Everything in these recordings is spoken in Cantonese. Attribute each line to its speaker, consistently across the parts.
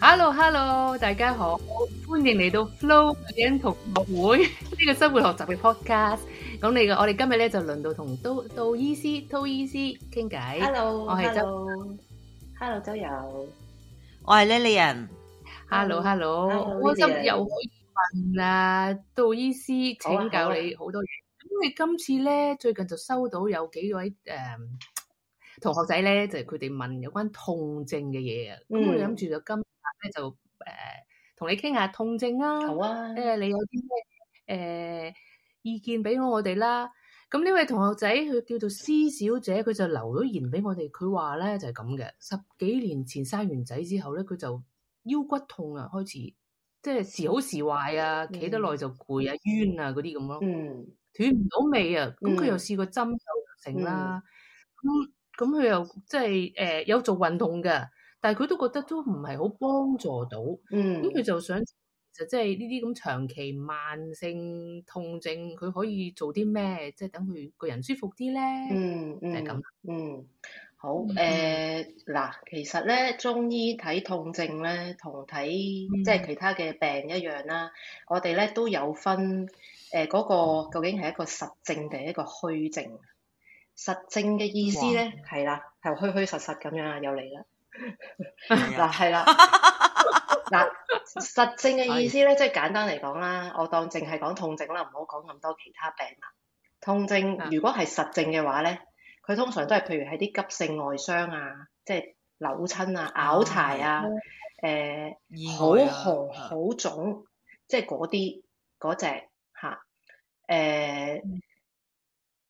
Speaker 1: Hello，Hello，大家好，歡迎嚟到 Flo 女同學會呢個生活學習嘅 Podcast。咁你，我哋今日咧就輪到同杜杜醫師、Too 醫師傾偈。Hello，我係周，Hello 周游，我係 Lilian。Hello，Hello，開心又可以問啊，杜醫師，請教你好多嘢。咁你今次咧最近就收到有幾位誒？同學仔咧，就佢、係、哋問有關痛症嘅嘢、嗯呃、啊，咁我諗住就今日咧就誒同你傾下痛症啊，即係你有啲咩誒意見俾我我哋啦。咁呢位同學仔佢叫做施小姐，佢就留咗言俾我哋，佢話咧就係咁嘅，十幾年前生完仔之後咧，佢就腰骨痛啊，開始即係時好時壞啊，企得耐就攰啊，嗯、冤啊嗰啲咁咯，斷唔到尾啊，咁佢、嗯、又試過針灸就成啦，咁、嗯。嗯嗯咁佢又即係誒有做運動嘅，但係佢都覺得都唔係好幫助到。嗯，咁佢就想就即係呢啲咁長期慢性痛症，佢可以做啲咩？即係等佢個人舒服啲咧、嗯。嗯嗯，係咁。嗯，好誒，嗱、嗯呃，其實咧中
Speaker 2: 醫睇痛症咧，同睇即係其他嘅病一樣啦。嗯、我哋咧都有分誒，嗰、呃嗰個究竟係一個實症定係一個虛症。實症嘅意思咧，係啦哇，係虛虛實實咁樣啊，又嚟啦，嗱係啦，嗱實症嘅意思咧，即係簡單嚟講啦，我當淨係講痛症啦，唔好講咁多其他病啦。痛症如果係實症嘅話咧，佢通常都係譬如係啲急性外傷啊，即係扭親啊、拗柴啊，誒好紅好腫，即係嗰啲嗰隻吓，誒。啊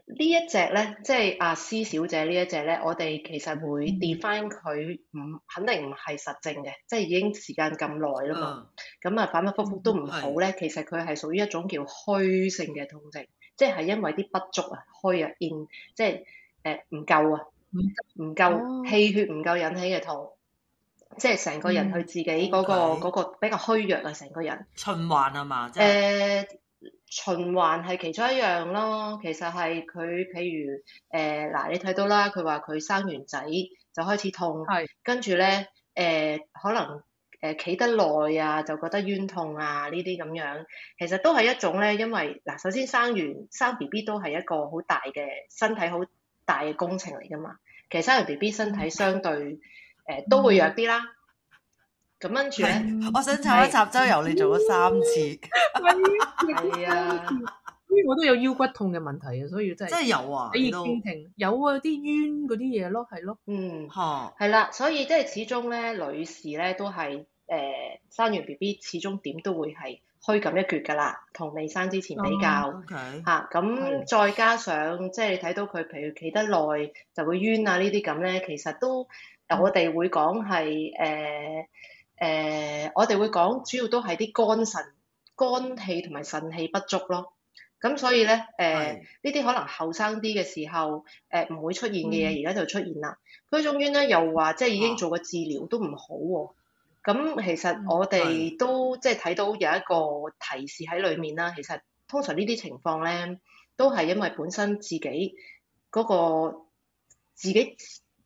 Speaker 2: 呢一隻呢一隻咧，即係阿詩小姐呢一隻呢一隻咧，我哋其實會跌翻佢，唔肯定唔係實症嘅，即係已經時間咁耐啦嘛，咁啊、嗯、反反復復都唔好咧，嗯、其實佢係屬於一種叫虛性嘅痛症，即係因為啲不足啊，虛啊，即係誒唔夠啊，唔夠氣血唔夠引起嘅痛，即係成個人佢自己嗰、嗰個、嗯嗯、個比較虛弱嘅成個人循環啊嘛，即誒。呃循環係其中一樣咯，其實係佢譬如誒嗱、呃，你睇到啦，佢話佢生完仔就開始痛，係跟住咧誒可能誒企、呃、得耐啊，就覺得冤痛啊呢啲咁樣，其實都係一種咧，因為嗱、呃，首先生完生 B B 都係一個好大嘅身體好大嘅工程嚟噶嘛，其實生完 B B 身體相對誒、呃、都會弱啲啦。嗯
Speaker 1: 咁樣住咧，我想插一插周游，你做咗三次
Speaker 2: 係啊，所以
Speaker 1: 我都有腰骨痛嘅問題啊，所以真係真係有啊，可以斷停有啊啲冤嗰啲嘢咯，係咯，嗯嚇
Speaker 2: 係啦，所以即係始終咧，女士咧都係誒生完 B B 始終點都會係虛感一橛噶啦，同未生之前比較嚇咁，再加上即係你睇到佢譬如企得耐就會冤啊呢啲咁咧，其實都我哋會講係誒。誒、呃，我哋會講主要都係啲肝腎肝氣同埋腎氣不足咯。咁所以咧，誒呢啲可能後生啲嘅時候，誒、呃、唔會出現嘅嘢，而家就出現啦。佢、嗯、終於咧又話，即係已經做過治療都唔好喎。咁哇其實我哋都即係睇到有一個提示喺裡面啦。的其實通常呢啲情況咧，都係因為本身自己嗰個自己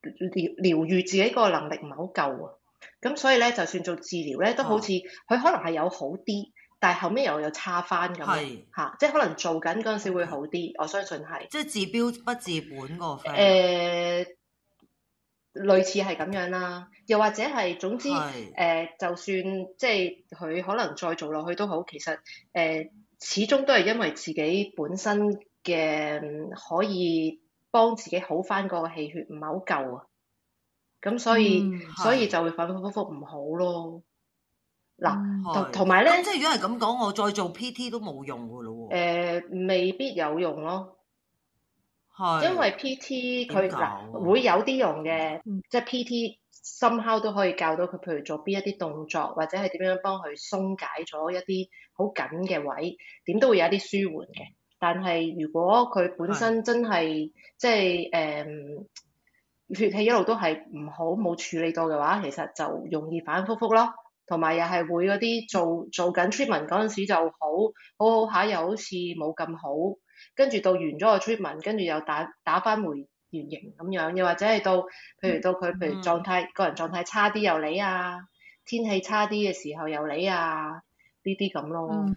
Speaker 2: 療療愈自己個能力唔係好夠啊。咁所以咧，就算做治療咧，都好似佢、哦、可能係有好啲，但係後尾又有差翻咁樣嚇，即係可能做緊嗰陣時會好啲。我相信係即係治標不治本個 friend 類似係咁樣啦，又或者係總之誒是、呃，就算即係佢可能再做落去都好，其實誒、呃、始終都係因為自己本身嘅可以幫自己好翻個氣血唔係好夠啊。咁所以、嗯、所以就會反反复覆唔好咯。嗱同埋咧，呢即
Speaker 3: 係如果係咁講，我再做 PT 都冇用噶咯。誒、
Speaker 2: 呃，未必有用咯。係是，因為 PT 佢嗱會有啲用嘅，嗯、即係 PT somehow 都可以教到佢，譬如做邊一啲動作，或者係點樣幫佢鬆解咗一啲好緊嘅位，點都會有一啲舒緩嘅。但係如果佢本身真係即係誒。是嗯血氣一路都係唔好，冇處理到嘅話，其實就容易反复覆咯。同埋又係會嗰啲做做緊 treatment 嗰陣時就好，好好下，又好似冇咁好。跟住到完咗個 treatment，跟住又打打翻回原形咁樣，又或者係到，譬如到佢，譬如狀態、嗯、個人狀態差啲又你啊，天氣差啲嘅時候又你啊，呢啲咁咯。嗯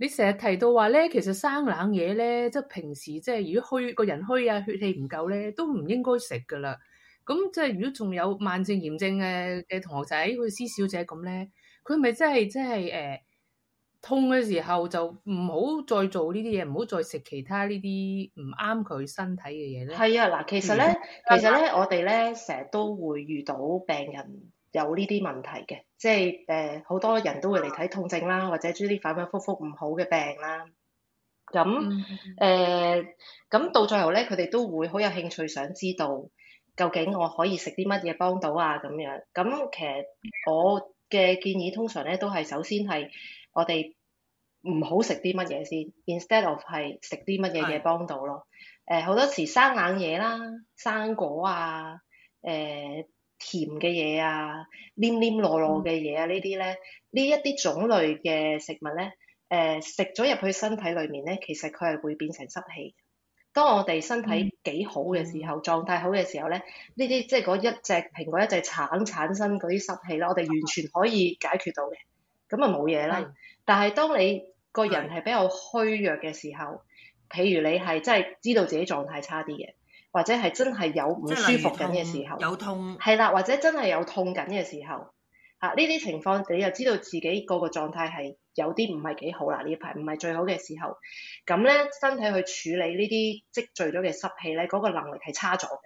Speaker 1: 你成日提到話咧，其實生冷嘢咧，即係平時即係如果虛個人虛啊，血氣唔夠咧，都唔應該食噶啦。咁即係如果仲有慢性炎症嘅嘅同學仔，好似施小姐咁咧，佢咪真係真係誒痛嘅時候就唔好再做呢啲嘢，唔好再食其他呢啲唔啱佢身體嘅嘢咧。係啊，嗱，其實咧，的其實咧，的其實我
Speaker 2: 哋咧成日都會遇到病人。有呢啲問題嘅，即係誒好多人都會嚟睇痛症啦，或者諸啲反反覆覆唔好嘅病啦。咁誒咁到最後咧，佢哋都會好有興趣想知道究竟我可以食啲乜嘢幫到啊咁樣。咁其實我嘅建議通常咧都係首先係我哋唔好食啲乜嘢先，instead of 係食啲乜嘢嘢幫到咯。誒好的、呃、多時生冷嘢啦，生果啊，誒、呃。甜嘅嘢啊，黏黏糯糯嘅嘢啊，呢啲咧，呢一啲種類嘅食物咧，誒食咗入去身體裏面咧，其實佢係會變成濕氣。當我哋身體幾好嘅時候，嗯、狀態好嘅時候咧，呢啲即係嗰一隻蘋果、一隻橙產生嗰啲濕氣咧，我哋完全可以解決到嘅，咁啊冇嘢啦。是但係當你個人係比較虛弱嘅時候，譬是如你係真係知道自己狀態差啲嘅。或者係真係有唔舒服緊嘅時候，痛有痛係啦，或者真係有痛緊嘅時候，嚇呢啲情況你又知道自己個個狀態係有啲唔係幾好啦，呢排唔係最好嘅時候，咁咧身體去處理呢啲積聚咗嘅濕氣咧，嗰、嗰個能力係差咗嘅。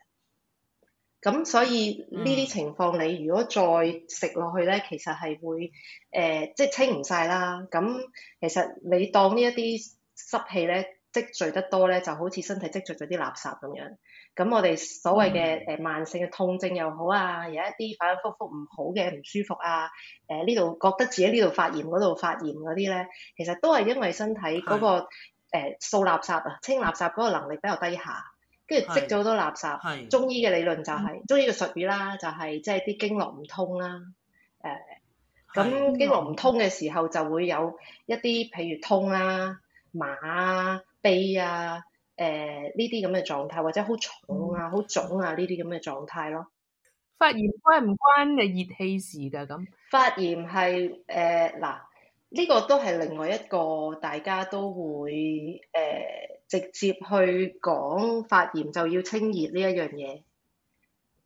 Speaker 2: 咁所以呢啲情況、嗯、你如果再食落去咧，其實係會誒即係清唔晒啦。咁其實你當呢一啲濕氣咧，積聚得多咧，就好似身體積聚咗啲垃圾咁樣。咁我哋所謂嘅誒慢性嘅痛症又好啊，嗯、有一啲反反覆覆唔好嘅唔舒服啊，誒呢度覺得自己呢度發炎嗰度發炎嗰啲咧，其實都係因為身體嗰、嗰個誒掃是、呃、垃圾啊、清垃圾嗰個能力比較低下，跟住積咗好多垃圾。係。中醫嘅理論就係、是，嗯、中醫嘅術語啦，就係即係啲經絡唔通啦。誒、呃，咁經絡唔通嘅時候就會有一啲譬如痛啦、麻啊。鼻啊，誒呢啲咁嘅狀態，或者好重啊、好腫啊呢啲咁嘅狀態咯。發炎關唔關誒熱氣嘅事㗎？咁發炎係誒嗱，呢、呃，呢個都係另外一個大家都會誒、呃、直接去講發炎就要清熱呢一樣嘢。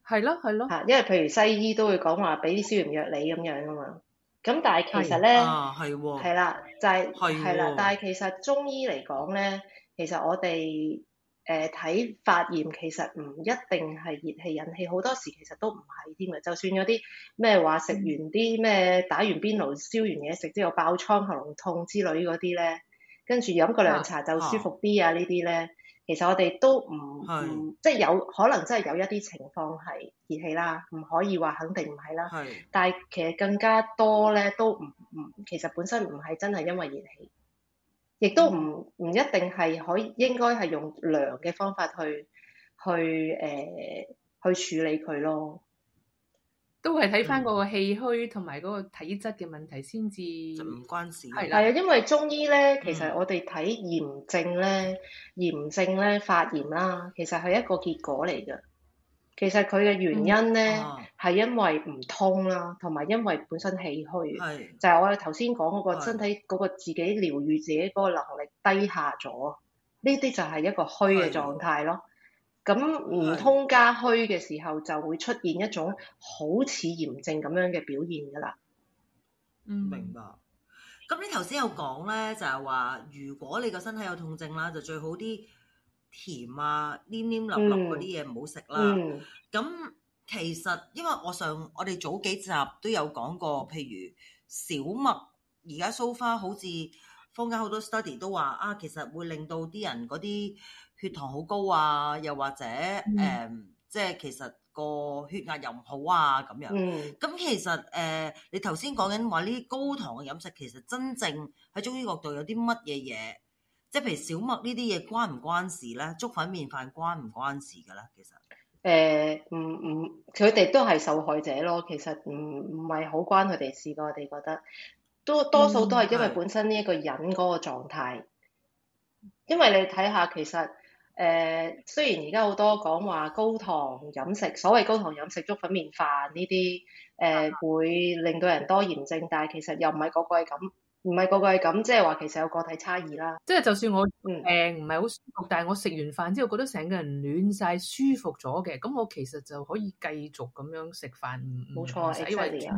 Speaker 2: 係咯，係咯。嚇，因為譬如西醫都會講話俾啲消炎藥你咁樣啊嘛。咁但係其實咧，係啦、哦，就係係啦。但係其實中醫嚟講咧，其實我哋誒睇發炎，其實唔一定係熱氣引起，好多時其實都唔係添嘅。就算有啲咩話食完啲咩、打完邊爐燒完嘢食之後爆瘡、喉嚨痛之類嗰啲咧，跟住飲個涼茶就舒服啲啊！呢啲咧。其實我哋都唔唔，即係有可能真係有一啲情況係熱氣啦，唔可以話肯定唔係啦。係，但係其實更加多咧都唔唔，其實本身唔係真係因為熱氣，亦都唔唔一定係可以應該係用涼嘅方法去去誒、呃、去處理佢咯。
Speaker 1: 都係睇翻嗰個氣虛同埋嗰個體質嘅問題先至，就唔關事啦。係啊的，嗯、因為中醫咧，
Speaker 2: 其實我哋睇炎症咧，炎症咧發炎啦、啊，其實係一個結果嚟嘅。其實佢嘅原因咧，係、嗯啊、因為唔通啦，同埋因為本身氣虛，的就係我哋頭先講嗰個身體嗰個自己療愈自己嗰個能力低下咗，呢啲就係一個虛嘅狀態咯。咁唔通家虛嘅時候，就會出現一種好似炎症咁樣嘅表現㗎啦。嗯，明白。
Speaker 3: 咁你頭先有講咧，嗯、就係話，如果你個身體有痛症啦，就最好啲甜啊、黏黏淋淋嗰啲嘢唔好食啦。咁、嗯、其實因為我上我哋早幾集都有講過，譬如小麥，而家 so far 好似坊間好多 study 都話啊，其實會令到啲人嗰啲。血糖好高啊，又或者誒，即係、嗯嗯就是、其實個血壓又唔好啊，咁樣。咁、嗯、其實，誒、呃，你頭先講緊話呢啲高糖嘅飲食，其實真正喺中醫角度有啲乜嘢嘢？即係譬如小麥呢啲嘢關唔關事咧？粥粉麵飯關唔關事㗎咧？其實、嗯，
Speaker 2: 誒、嗯、唔、嗯、唔，佢哋都係受害者咯。其實唔唔係好關佢哋事，我哋覺得多多都多數都係因為本身呢一個人嗰個狀態。嗯、因為你睇下，其實。誒，uh，雖然而家好多講話高糖飲食，所謂高糖飲食，粥粉麵飯呢啲誒會令到人多炎症，但係其實又唔係個個係咁，唔係個個係咁，即係話其實有個體差異啦。
Speaker 1: 即係就算我誒唔係好舒服，但係我食完飯之後覺得成個人暖曬舒服咗嘅，咁我其實就可以繼續咁樣食飯，冇錯，因為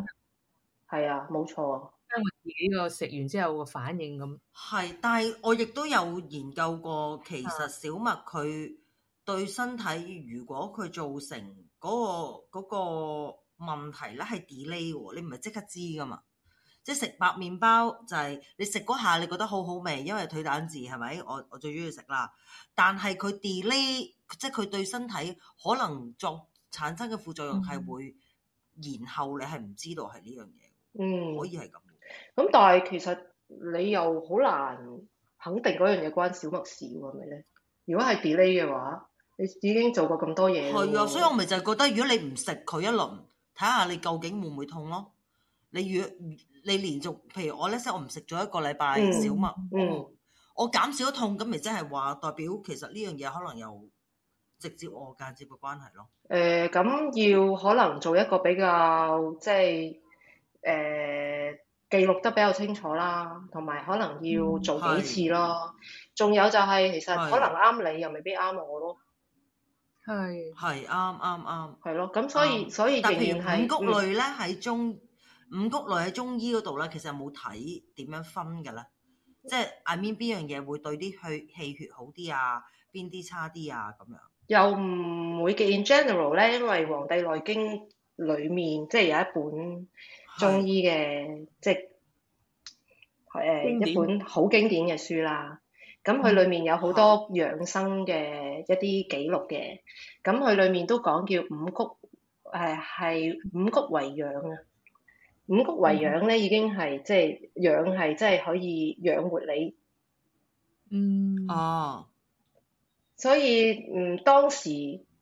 Speaker 1: 係啊，冇錯。因自己個食完之後個反應咁係，
Speaker 3: 但係我亦都有研究過，其實小麥佢對身體，如果佢造成、嗰個、嗰個問題咧，係 delay，你唔係即刻知噶嘛？即係食白麵包就係、是、你食嗰下，你覺得好好味，因為褪膽字係咪？我我最中意食啦。但係佢 delay，即係佢對身體可能作產生嘅副作用係會、嗯、然後你係唔知道係呢樣嘢，嗯，
Speaker 2: 可以係咁。咁但係其實你又好難肯定嗰樣嘢關小麥事喎，係咪咧？如果係 delay 嘅話，你已經做過咁多嘢，係啊，所以我
Speaker 3: 咪就係覺得，如果你唔食佢一輪，睇下你究竟會唔會痛咯？你若你連續，譬如我呢次我唔食咗一個禮拜小麥，嗯嗯、我減少痛，咁咪即係話代表其實呢樣嘢可能有直接我間接嘅關係咯。誒、
Speaker 2: 呃，咁要可能做一個比較，即係誒。呃記錄得比較清楚啦，同埋可能要做幾次咯。仲、嗯、有就係、是，其實可能啱你是又未必啱我咯。係係啱啱啱係咯，咁所以所以，但係五穀類咧，喺中
Speaker 3: 五穀類喺中醫嗰度咧，其實冇睇點樣分噶咧。嗯、即係 I mean 邊樣嘢會對啲血氣血好啲啊？邊啲差啲啊？咁樣
Speaker 2: 又唔會嘅。In general 咧，因為《黃帝內經》裏面即係、就是、有一本。中醫嘅即係誒典一本好經典嘅書啦，咁佢裡面有好多養生嘅一啲記錄嘅，咁佢裡面都講叫五穀，誒係五穀為養啊，五穀為養呢已經係即係養係即係可以養活你，
Speaker 1: 嗯，
Speaker 2: 哦，所以嗯當時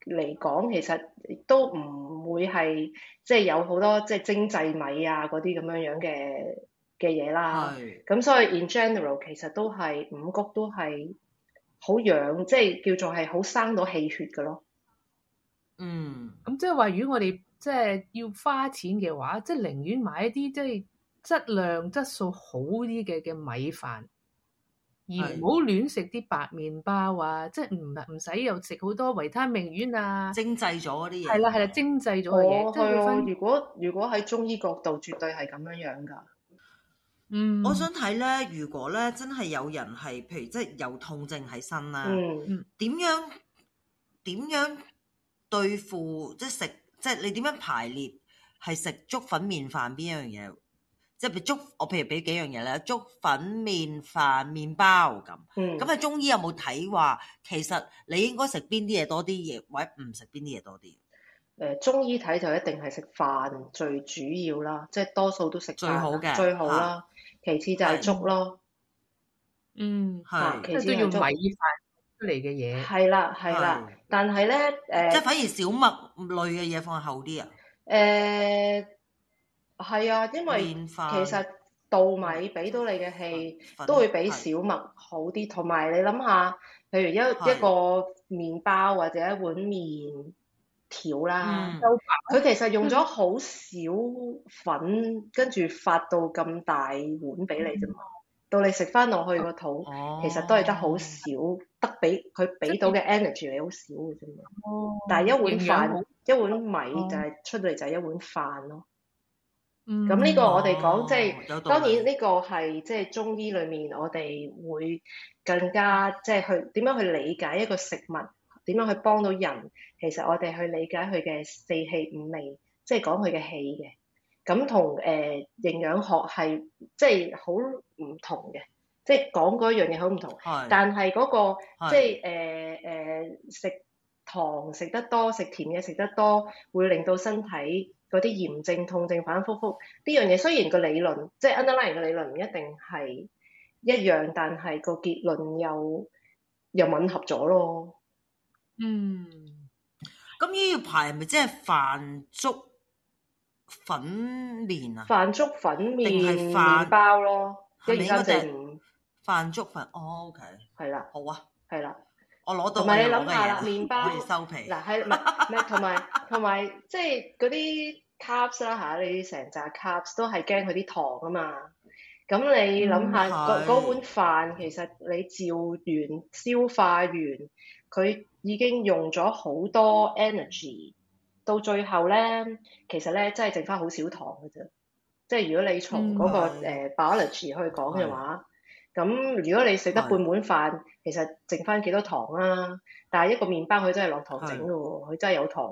Speaker 2: 嚟講其實都唔。會係即係有好多即係精製米啊嗰啲咁樣樣嘅嘅嘢啦，咁是所以 in general 其實都
Speaker 1: 係五穀都係好養，即係叫做係好生到氣血嘅咯。嗯，咁、嗯、即係話如果我哋即係要花錢嘅話，即係寧願買一啲即係質量質素好啲嘅嘅米飯。而唔好亂食啲白麵包啊！的即係唔唔使又食好多維他命丸啊！精製咗嗰啲嘢係啦係啦，精製咗嘅嘢。如
Speaker 2: 果如果喺中醫
Speaker 3: 角度，絕對係咁樣樣㗎。嗯，我想睇咧，如果咧真係有人係，譬如即係有痛症喺身啦，點、嗯、樣點樣對付？即係食即係你點樣排列？係食粥粉麵飯邊樣嘢？即係譬如粥，我譬如俾幾樣嘢咧，粥、粉、麵、飯、麵包咁。嗯。咁喺中醫有冇睇話，其實你應該食邊啲嘢多啲嘢，
Speaker 2: 或者唔食邊啲嘢多啲？誒，中醫睇就一定係食飯最主要啦，即係多數都食飯最好嘅最好啦。其次就係粥咯。嗯，
Speaker 1: 係。即係都要米飯
Speaker 2: 出嚟嘅嘢。係啦係啦，但係咧
Speaker 3: 誒，即係反而小麥類嘅嘢放後啲啊。
Speaker 2: 誒。係啊，因為其實稻米俾到你嘅氣都會比小麥好啲，同埋你諗下，譬如一一個麵包或者一碗麵條啦，
Speaker 1: 佢其實用咗
Speaker 2: 好少粉，跟住發到咁大碗俾你啫嘛。到你食翻落去個肚，其實都係得好少，得俾佢俾到嘅 energy 你好少嘅啫嘛。
Speaker 1: 但係一碗飯
Speaker 2: 一碗米就係出到嚟就係一碗飯咯。
Speaker 1: 咁呢、嗯、個我哋講即
Speaker 2: 係、哦就是、當然呢個係即係中醫裏面我哋會更加即係、就是、去點樣去理解一個食物點樣去幫到人，其實我哋去理解佢嘅四氣五味，即、就、係、是、講佢嘅氣嘅。咁同誒營養學係即係好唔同嘅，即、就、係、是、講嗰樣嘢好唔同。是但係嗰、嗰個即係誒誒食糖食得多，食甜嘢食得多，會令到身體。嗰啲炎症痛症反反覆覆，呢樣嘢雖然個理論即係、就是、underlying 嘅理論唔一定係一樣，但係個結論又又吻合咗咯。嗯，
Speaker 3: 咁呢一排係咪即係飯粥粉麵啊？
Speaker 2: 飯粥粉麵定係麵包咯，
Speaker 3: 一而家飯粥粉。哦、oh，OK，係啦，好啊，
Speaker 2: 係啦。我攞到，唔係你諗下啦，麪包嗱係唔係唔係同埋同埋即係嗰啲 carbs 啦吓，你成扎 carbs 都係驚佢啲糖啊嘛。咁你諗下嗰碗飯，其實你照完消化完，佢已經用咗好多 energy，、嗯、到最後咧，其實咧真係剩翻好少糖㗎啫。即係如果你從嗰、嗰個誒 balance 去講嘅話。嗯咁如果你食得半碗飯，其實剩翻幾多糖啦？但係一個麵包佢真係落糖整嘅喎，佢真係有糖。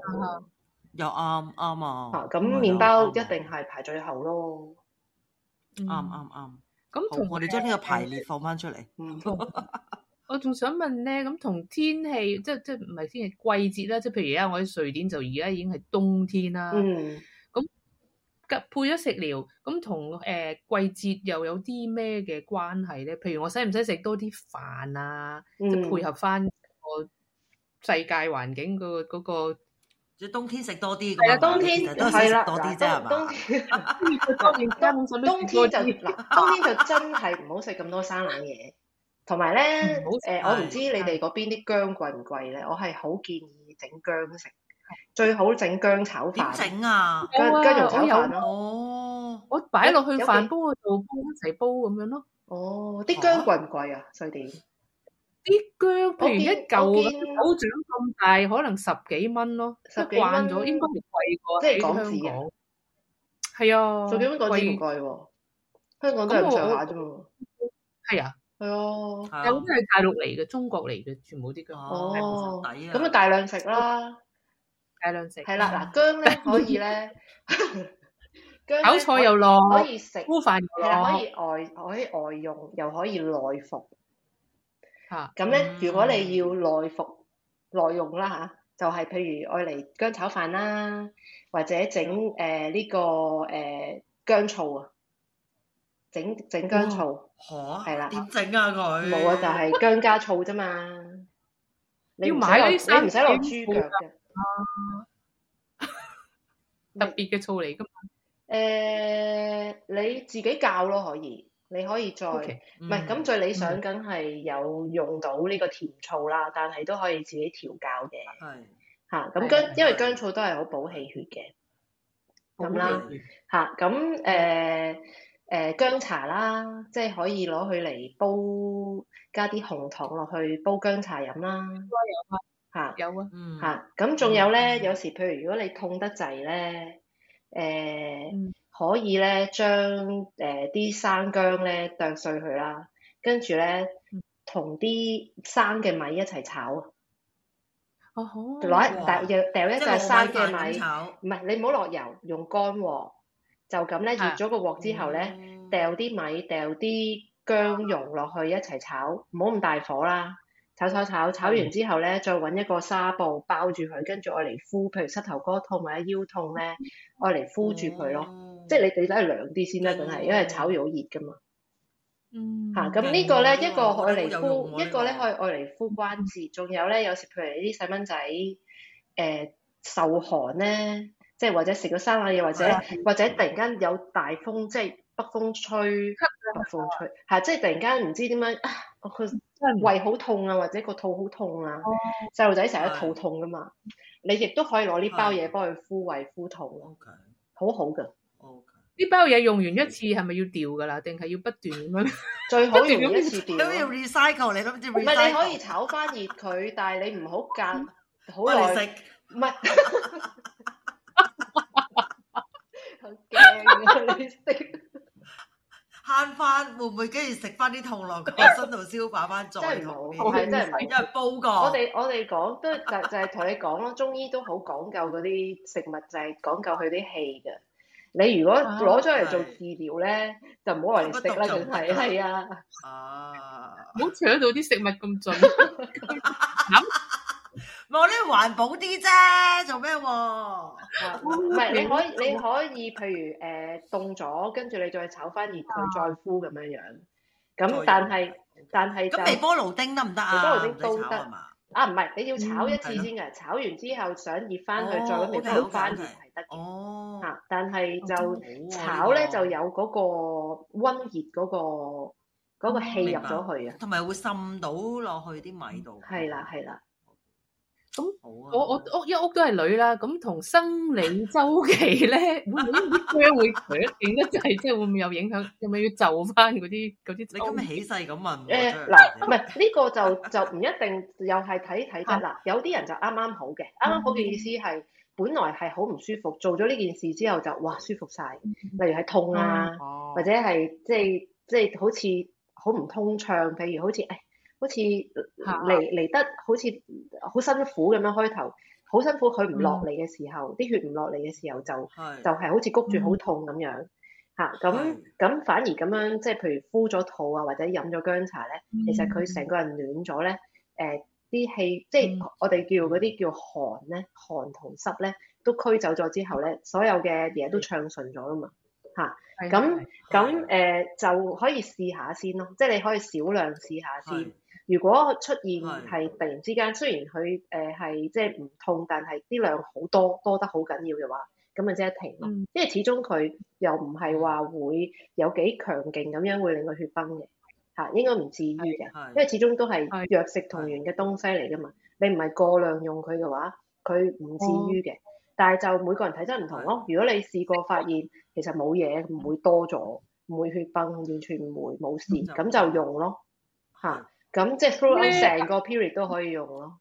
Speaker 2: 又
Speaker 3: 啱啱啊！咁麵包
Speaker 2: 一定係排最後咯。
Speaker 3: 啱啱啱。
Speaker 1: 咁同我哋將呢個
Speaker 3: 排列放翻出嚟。
Speaker 1: 我仲想問咧，咁同天氣即即唔係天氣季節啦？即譬如咧，我喺瑞典就而家已經係冬天啦。配咗食療，咁同誒季節又有啲咩嘅關係咧？譬如我使唔使食多啲飯啊？即、嗯、配合翻個世界環境嗰個、嗯嗰個，
Speaker 3: 即冬天食多啲。
Speaker 1: 係啊，冬天係啦，冬
Speaker 2: 天就冬天就真係唔好食咁多生冷嘢。同埋咧，誒唉，我唔知你哋嗰邊啲薑貴唔貴咧？我係好建議整薑食。最好整薑炒飯，點整啊？薑薑蓉炒飯咯。
Speaker 1: 哦，我擺落去飯煲嗰度煲一齊煲咁樣咯。哦，啲薑貴唔貴啊？瑞典啲薑，譬如一舊手掌咁大，可能十幾蚊咯，十幾蚊。慣咗應該唔貴嘅，即係港紙啊。係啊，十幾蚊港紙唔貴喎，香港都係咁上下啫嘛。係啊，係
Speaker 2: 啊，有啲係大陸
Speaker 1: 嚟嘅，中國嚟嘅，全部啲薑哦，咁啊，大量食啦。係兩食係啦，嗱
Speaker 2: 薑咧可以咧，薑炒菜又落，可以食飯，可以外可以外用，又可以內服。啊，咁咧，如果你要內服內用啦吓，就係譬如愛嚟薑炒飯啦，或者整誒呢個誒薑醋啊，整整薑醋，
Speaker 3: 係啦，點整啊？佢
Speaker 2: 冇啊，就係薑加醋啫嘛。你唔使落，你唔使落豬腳嘅。
Speaker 1: 啊！ 特別嘅醋嚟噶嘛？誒、呃，
Speaker 2: 你自己教咯，可以，你可以再唔係咁最理想，梗係有用到呢個甜醋啦，mm hmm. 但係都可以自己調教嘅。係吓咁薑，因為薑醋都係好補氣血嘅，咁 啦吓咁誒誒薑茶啦，即係可以攞佢嚟煲，加啲紅糖落去煲薑茶飲啦。 嚇有啊，嚇咁仲有咧，嗯、有時譬如如果你痛得滯咧，誒、呃嗯、可以咧將誒啲、呃、生薑咧剁碎佢啦，跟住咧同啲生嘅米一齊炒。
Speaker 1: 哦好。落嚟一，但又掉一粒生嘅米，
Speaker 2: 唔係你唔好落油，用乾鑊，就咁咧的熱咗個鑊之後咧，掉啲、嗯、米，掉啲薑蓉落去一齊炒，唔好咁大火啦。炒炒炒，炒完之後咧，再揾一個紗布包住佢，跟住愛嚟敷，譬如膝頭哥痛或者腰痛咧，愛嚟敷住佢咯。即係你地底係涼啲先啦，咁係，因為炒完好熱噶嘛。嗯。
Speaker 1: 嚇！咁呢個咧，一個愛嚟敷，一個
Speaker 2: 咧可以愛嚟敷關節。仲有咧，有時譬如啲細蚊仔，誒受寒咧，即係或者食咗生冷嘢，或者或者突然間有大風，即係北風吹，北風吹，嚇，即係突然間唔知點樣啊！我佢。胃好痛啊，或者個肚好痛啊，細路仔成日都肚痛噶嘛，你亦都可以攞呢包嘢，幫佢敷胃敷肚咯，好好噶。
Speaker 1: 呢包嘢用完一次係咪要掉噶啦？定係要不斷咁樣？最好用一次掉。咁要
Speaker 2: recycle 你都至 r，唔係你可以炒翻熱佢，但係你唔好隔好耐。食。唔係。
Speaker 3: 慳翻會唔會跟住食翻啲肚落個身度消化翻再？即
Speaker 2: 係唔係因為煲過。我哋我哋講都就就係同你講咯， 中醫都好講究嗰啲食物，就係、是、講究佢啲氣嘅。你如果攞咗嚟做治療咧，就唔好攞嚟食啦，係啊。看啊！
Speaker 1: 唔好搶到啲食物咁盡。 啊我呢環保
Speaker 3: 啲啫，做咩喎？唔係你可
Speaker 1: 以你可以，譬如誒
Speaker 2: 凍咗，跟住你再炒翻熱佢再敷咁樣樣。咁但係但係就微波爐叮得唔得啊？微波爐叮都得啊？唔係你要炒一次先嘅，炒完之後想熱翻佢再微波爐翻熱係得嘅。哦，嚇！但係就炒咧就有嗰個溫熱嗰個嗰個氣入咗去啊，
Speaker 3: 同埋會滲到落去啲米度。係啦，係啦。
Speaker 1: 咁我我屋一屋都係女啦，咁同生理周期咧，會唔會啲薑會影得滯，即係會唔會有影響？係咪要就翻嗰啲嗰啲？你咁起勢咁問？誒，
Speaker 2: 嗱，唔係呢個就就唔一定，又係睇睇得啦。有啲人就啱啱好嘅，啱啱好嘅意思係本來係好唔舒服，做咗呢件事之後就哇舒服晒。例如係痛啊，或者係即係即係好似好唔通暢，譬如好似誒。好似嚟嚟得好似好辛苦咁樣，開頭好辛苦，佢唔落嚟嘅時候，啲血唔落嚟嘅時候就就係好似谷住好痛咁樣嚇。咁咁反而咁樣，即係譬如敷咗肚啊，或者飲咗薑茶咧，其實佢成個人暖咗咧。誒，啲氣，即係我哋叫嗰啲叫寒咧，寒同濕咧都驅走咗之後咧，所有嘅嘢都暢順咗啊嘛嚇。咁咁誒就可以試下先咯，即係你可以少量試下先。如果出現係突然之間，對雖然佢誒係即係唔痛，但係啲量好多多得好緊要嘅話，咁咪即係停咯。嗯、因為始終佢又唔係話會有幾強勁咁樣會令佢血崩嘅，嚇、啊、應該唔至於嘅。是因為始終都係藥食同源嘅東西嚟噶嘛，是你唔係過量用佢嘅話，佢唔至於嘅。啊、但係就每個人體質唔同咯。嗯、如果你試過發現其實冇嘢，唔會多咗，唔 會血崩，完全唔會冇事，咁就，就用咯，嚇。咁即係成個 period 都可以用咯，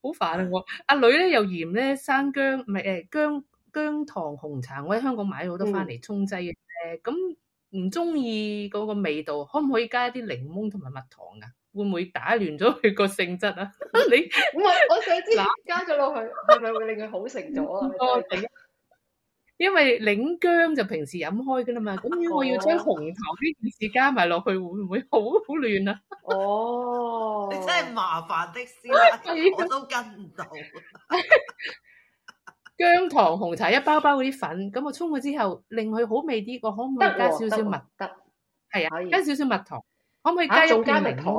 Speaker 1: 好 煩啊我阿、啊、女咧又嫌咧生薑唔係誒薑薑糖紅茶，我喺香港買咗好多翻嚟沖劑嘅啫，咁唔中意嗰個味道，可唔可以加一啲檸檬同埋蜜糖啊？會唔會打亂咗佢個性質啊？你唔 我想知、 啊、 加咗落去係咪會，會令佢
Speaker 2: 好食咗啊？
Speaker 1: 因為檸姜就平時飲開噶啦嘛，咁如果我要將紅糖呢件事加埋落去，會唔會好好亂啊？哦，你真係
Speaker 3: 麻煩的，絲我都跟唔
Speaker 1: 到。薑糖紅茶一包包嗰啲粉，咁我沖咗之後，令佢好味啲，我可唔可以加少少蜜？得係啊，加少少蜜糖，
Speaker 2: 可唔可以加入加蜜糖？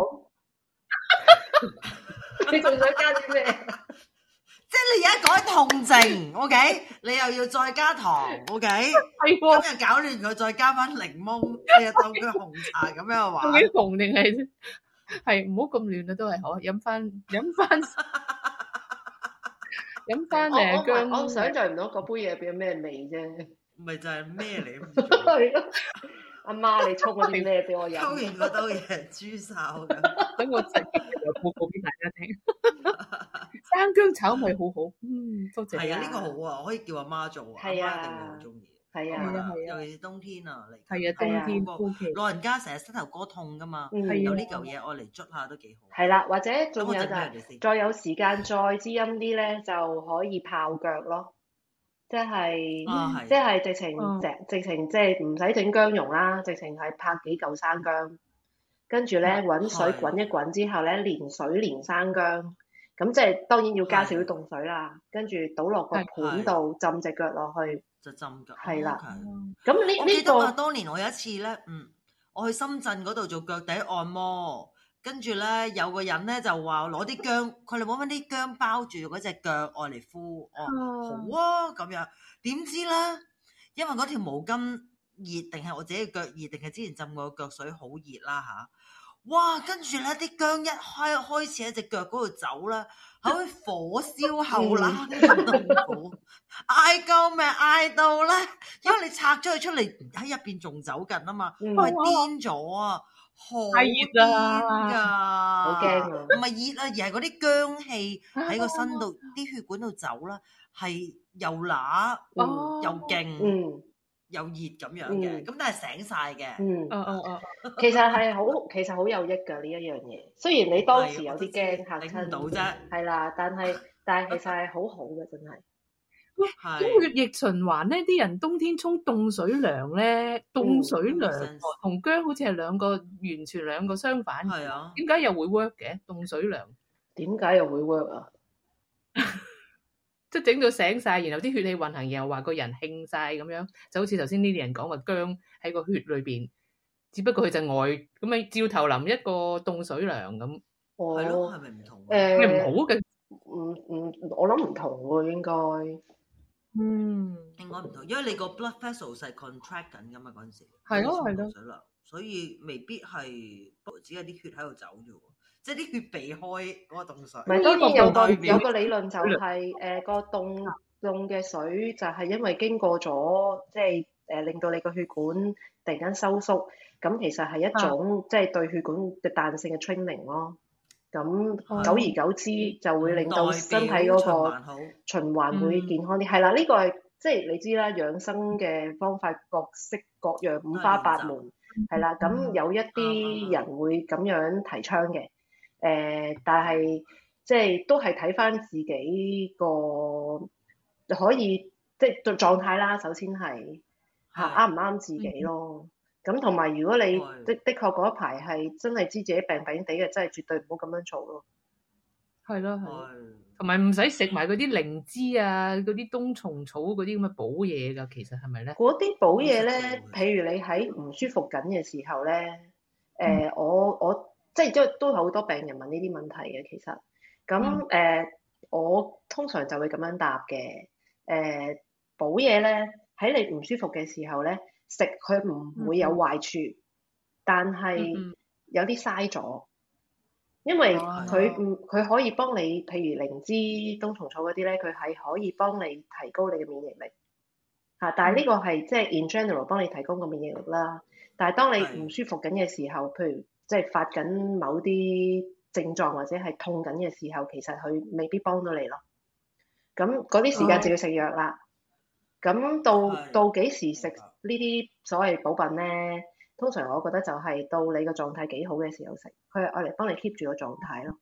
Speaker 1: 你仲想加啲咩？
Speaker 3: 即係你而家講緊痛症，OK？你又要再加糖，OK？咁又
Speaker 1: 搞亂佢，再加翻檸檬，又當佢紅茶，咁又話。當佢紅定係，係唔好咁亂啊，都係好飲翻飲翻飲翻誒！我我想
Speaker 2: 象唔到嗰杯嘢變咩味啫，唔係就係咩嚟？係咯。阿媽，你沖我啲咩俾我飲？沖完我都嘢豬手，
Speaker 3: 等我整，我播俾大家
Speaker 1: 聽。生薑炒佢好好，嗯，多謝。係啊，呢個好
Speaker 3: 啊，我可以叫阿媽做啊，阿媽，一定中意。係啊，尤其是冬天啊，嚟係啊，冬天老人家成日膝頭哥痛噶嘛，有呢嚿嘢我嚟捽下都幾好。係啦，或者，咁我
Speaker 2: 再有時間再滋陰啲咧，就可以泡腳咯。即係、啊，即係直情直直情即係唔使整薑蓉啦，直情係拍幾嚿生薑，跟住咧揾水滾一滾之後咧，連水連生薑，咁即係當然要加少啲凍水啦，跟住的倒落個盤度的浸隻腳落去就浸腳，係啦的。
Speaker 3: 咁呢呢個，啊、我記得啊，呢個，當年我有一次咧，嗯，我去深圳嗰度做腳底按摩。跟住咧，有個人咧就話攞啲薑，佢哋攞翻啲薑包住嗰隻腳愛嚟敷。哦，好啊咁樣。點知咧，因為嗰條毛巾熱，定係我自己嘅腳熱，定係之前浸過腳水好熱啦吓，啊，哇！跟住咧啲薑一開開始喺隻腳嗰度走啦，好似火燒後冷咁，嗯、 到，嗌救命嗌到咧，因為你拆咗佢出嚟喺入邊仲走緊啊嘛，佢係癲咗啊！嗯嗯係熱噶，好驚噶、啊，唔係熱啊，而係嗰啲薑氣喺個身度，啲 血管度走啦，係又乸、 嗯、又勁、嗯，嗯，又熱
Speaker 2: 咁樣嘅，咁但係醒晒嘅，嗯，哦哦哦，其實係好，其實好有益噶呢一樣嘢，雖然你當時有啲驚嚇親，係啦， 但係但係其實係好好嘅，真係。
Speaker 1: 咁血液循環咧，啲人冬天沖凍水涼咧，凍水涼同姜好似係兩個完全兩個相反。係啊，點解又會 work 嘅？凍水涼點解又會 work 啊？即係整到醒晒，然後啲血氣運行，然後話個人興晒咁樣，就好似頭先呢啲人講話姜喺個血裏邊，只不過佢就外咁咪照頭淋一個凍水涼咁，係咯，係咪唔同？誒、欸，唔好嘅，唔唔、嗯嗯，我諗唔同喎，應該。
Speaker 3: 嗯，應該唔同，因為你個 blood vessel 係 contract 緊㗎嘛，嗰陣時係咯係咯，的水啦，的所以未必係的只係啲血喺度走啫喎，即係啲血避開嗰個凍水。唔係，當然有個面有個理論就係、
Speaker 2: 是、誒論、呃個凍凍嘅水就係因為經過咗即係誒令到你個血管突然間收縮，咁其實係一種即係、啊、對血管嘅彈性嘅 training 咯。咁久而久之、嗯、就會令到代表 身體嗰個循環會健康啲，係、嗯、啦。呢、這個係即係你知啦，養生嘅方法各式各樣五花八門，係、嗯、啦。咁有一啲人會咁樣提倡嘅，誒、嗯啊啊啊呃，但係即係都係睇翻自己個可以即係狀態啦。首先係吓啱唔啱自己咯。嗯咁同埋，如果你的確的確嗰一排係真係知自己病病地嘅，真係絕對唔好咁樣做咯。
Speaker 1: 係咯，係。同埋唔使食埋嗰啲靈芝啊，嗰啲冬蟲草嗰啲咁嘅補嘢噶，其實係咪咧？嗰啲補嘢
Speaker 2: 咧，譬如你喺唔舒服緊嘅時候咧，誒、嗯呃，我我即係都都好多病人問呢啲問題嘅，其實，咁、嗯、誒、嗯呃，我通常就會咁樣答嘅。誒、呃，補嘢咧喺你唔舒服嘅時候咧。食佢唔會有壞處，但係有啲嘥咗，因為佢唔佢可以幫你，譬如靈芝、冬蟲草嗰啲咧，佢係可以幫你提高你嘅免疫力。嚇！但係呢個係即係 in general 幫你提高個免疫力啦。但係當你唔舒服緊嘅時候，的譬如即係發緊某啲症狀或者係痛緊嘅時候，其實佢未必幫到你咯。咁嗰啲時間就要食藥啦。咁的到的到幾時食？呢啲所謂補品呢，通常我覺得就係到你個狀態幾好嘅時候食，佢係愛嚟幫你 keep 住個狀態咯。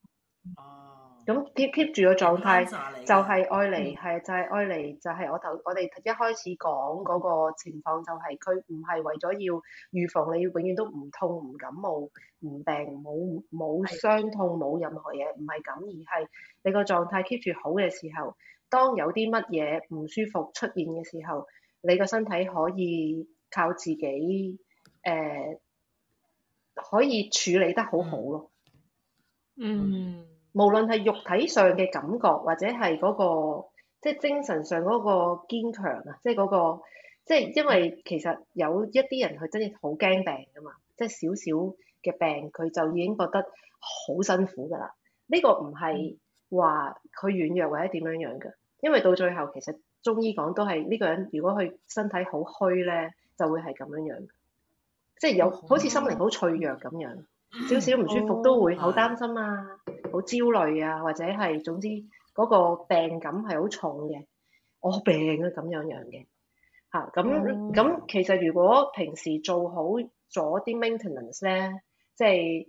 Speaker 2: 哦、啊。咁 keep keep 住個狀態，就係愛嚟，係就係愛嚟，就係、係、我頭我哋一開始講嗰個情況，就係佢唔係為咗要預防你要永遠都唔痛唔感冒唔病冇冇傷痛冇任何嘢，唔係咁，而係你個狀態 keep 住好嘅時候，當有啲乜嘢唔舒服出現嘅時候。你個身體可以靠自己，誒、呃、可以處理得好好咯。嗯、
Speaker 1: mm，hmm。
Speaker 2: 無論係肉體上嘅感覺，或者係嗰、嗰個即係精神上嗰個堅強啊，即係、嗰、嗰個即係因為其實有一啲人佢真係好驚病噶嘛，即係少少嘅病佢就已經覺得好辛苦噶啦。呢、呢個唔係話佢軟弱或者點樣樣噶，因為到最後其實。中醫講都係呢、這個人，如果佢身體好虛咧，就會係咁樣樣，即係有好似心靈好脆弱咁樣，少少唔舒服都會好擔心啊，好、oh. 焦慮啊，或者係總之嗰個病感係好重嘅，我、oh, 病啊咁樣樣嘅嚇。咁、啊、咁、oh. 其實如果平時做好咗啲 maintenance 咧，即係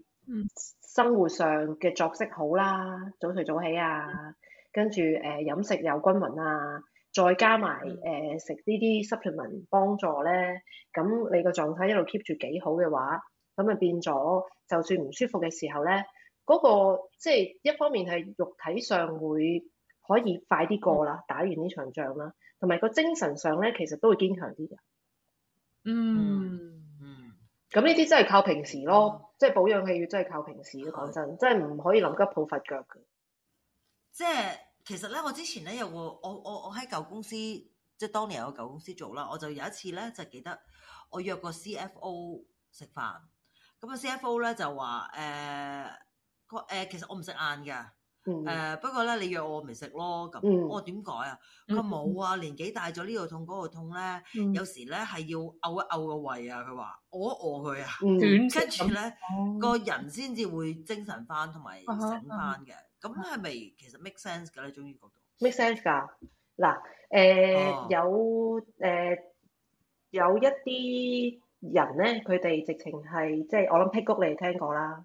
Speaker 2: 生活上嘅作息好啦，早睡早起啊，跟住誒飲食又均勻啊。再加埋誒食呢啲 supplement 幫助咧，咁你個狀態一路 keep 住幾好嘅話，咁啊變咗就算唔舒服嘅時候咧，嗰個即係一方面係肉體上會可以快啲過啦，打完呢場仗啦，同埋個精神上咧其實都會堅強啲嘅。嗯嗯，咁呢啲真係靠平時咯，即係保養氣血真係靠平時嘅養生、嗯、講真，真係唔可以臨急抱佛腳嘅。
Speaker 3: 即係。其實咧，我之前咧有個我我我喺舊公司，即係當年有個舊公司做啦，我就有一次咧就記得我約飯，呃、個 CFO 食飯，咁啊 CFO 咧就話誒，誒其實我唔食晏嘅，誒、嗯呃、不過咧你約我咪食咯，咁我點改啊？佢冇、嗯、啊，年紀大咗，這個那個，呢度痛嗰度痛咧，嗯、有時咧係要嘔一嘔個胃啊，佢話我一餓佢啊，跟住咧個人先至會精神返同埋醒返嘅。咁係
Speaker 2: 咪其實 make sense 㗎咧？終於講到 make sense 㗎。嗱、呃，誒、啊、有誒、呃、有一啲人咧，佢哋直情係即係我諗辟谷，你聽過，聽過
Speaker 3: 啦？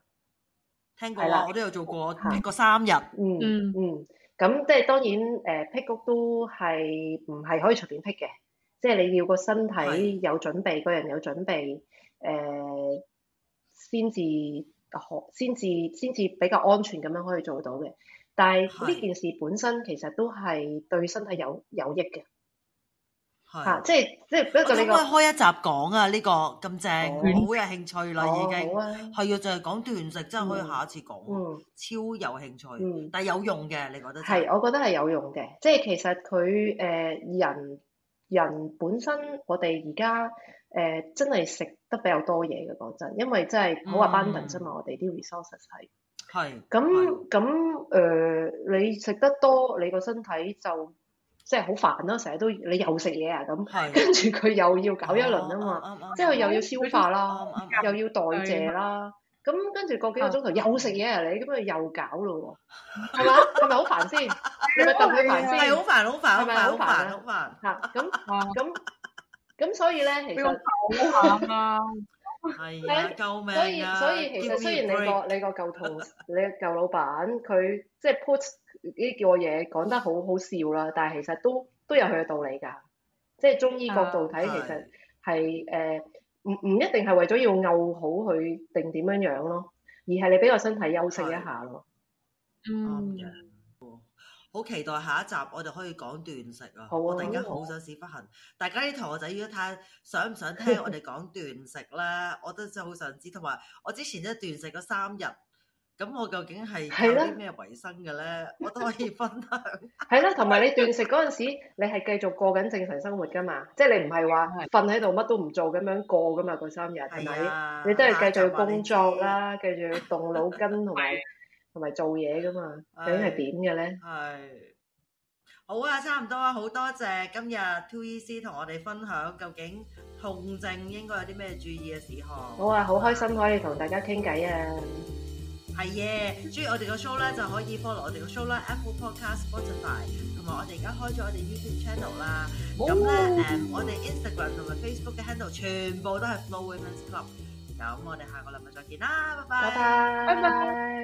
Speaker 3: 聽過，我都有做過，辟、嗯、哈過
Speaker 2: 三日、嗯。嗯嗯。咁即係當然誒、呃，辟谷都係唔係可以隨便辟嘅？即係你要個身體有準備，個人有準備，誒、呃、先至。學先至先至比較安全咁樣可以做到嘅，但係呢件事本身其實都係對身體有有益嘅，
Speaker 3: 係的、啊、即
Speaker 2: 係即係、這個、不過開一集
Speaker 3: 講啊呢、這個咁正，哦、好有興趣啦已經，係就再講斷食，真係可以下一次講，嗯、超有興趣，嗯、但係有用嘅，你覺得係？我覺得
Speaker 2: 係有用嘅，即係其實佢誒、呃、人人本身我哋而家。誒真係食得比較多嘢嘅，嗰陣，因為真係唔好話擔泥啫嘛，我哋啲 resources 係，係咁咁誒，你食得多，你個身體就即係好煩咯，成日都你又食嘢啊咁，跟住佢又要搞一輪啊嘛，即係又要消化啦，又要代謝啦，咁跟住個幾個鐘頭又食嘢啊你，咁咪又搞咯喎，係咪係咪好煩先？係咪特別煩先？係好煩，好煩，係咪？好煩，好煩。咁咁。咁所以咧，其實好慘啊！
Speaker 1: 係啊，救命！所以所以其實雖然你個你
Speaker 2: 個，舊同 你個舊老你舊老闆佢即係 puts 呢個嘢講得好好笑啦，但係其實都都有佢嘅道理㗎。即係中醫角度睇，其實係誒唔唔一定係為咗要拗好佢定點樣樣咯，而係你俾個身體休息一下咯。嗯。嗯。
Speaker 3: 好期待下一集，我哋可以講斷食啊！好啊，我突然間好想屎忽痕，啊、大家啲同學仔，如果睇下想唔想聽我哋講斷食咧、啊， 我都真係好想知。同埋我之前一斷食咗三日，咁我究竟係有啲咩維生嘅咧？的我都可以分
Speaker 2: 享。係啦， 同埋你斷食嗰陣時，你係繼續過緊正常生活噶嘛？即、就、係、是、你唔係話瞓喺度乜都唔做咁樣過噶嘛？嗰三日係咪？的你都係繼續工作啦，繼續動腦筋同。 同埋做嘢㗎嘛，究竟係點嘅咧？係好
Speaker 3: 啊，差唔多啊，好多謝今日 Too 醫師同我哋分享，究竟痛症應該有啲咩注意嘅事項？
Speaker 2: 我啊，好的開心可以同大家傾偈啊！
Speaker 3: 係耶！鍾意我哋個 show 咧，就可以 follow 我哋個 show 啦，Apple Podcast Spotify、Spotify，同埋我哋而家開咗我哋 YouTube channel 啦。咁咧，誒、嗯，我哋 Instagram 同埋 Facebook 嘅 handle 全部都係 Flow Women's Club。咁我哋下個禮拜再見啦，拜拜，拜拜。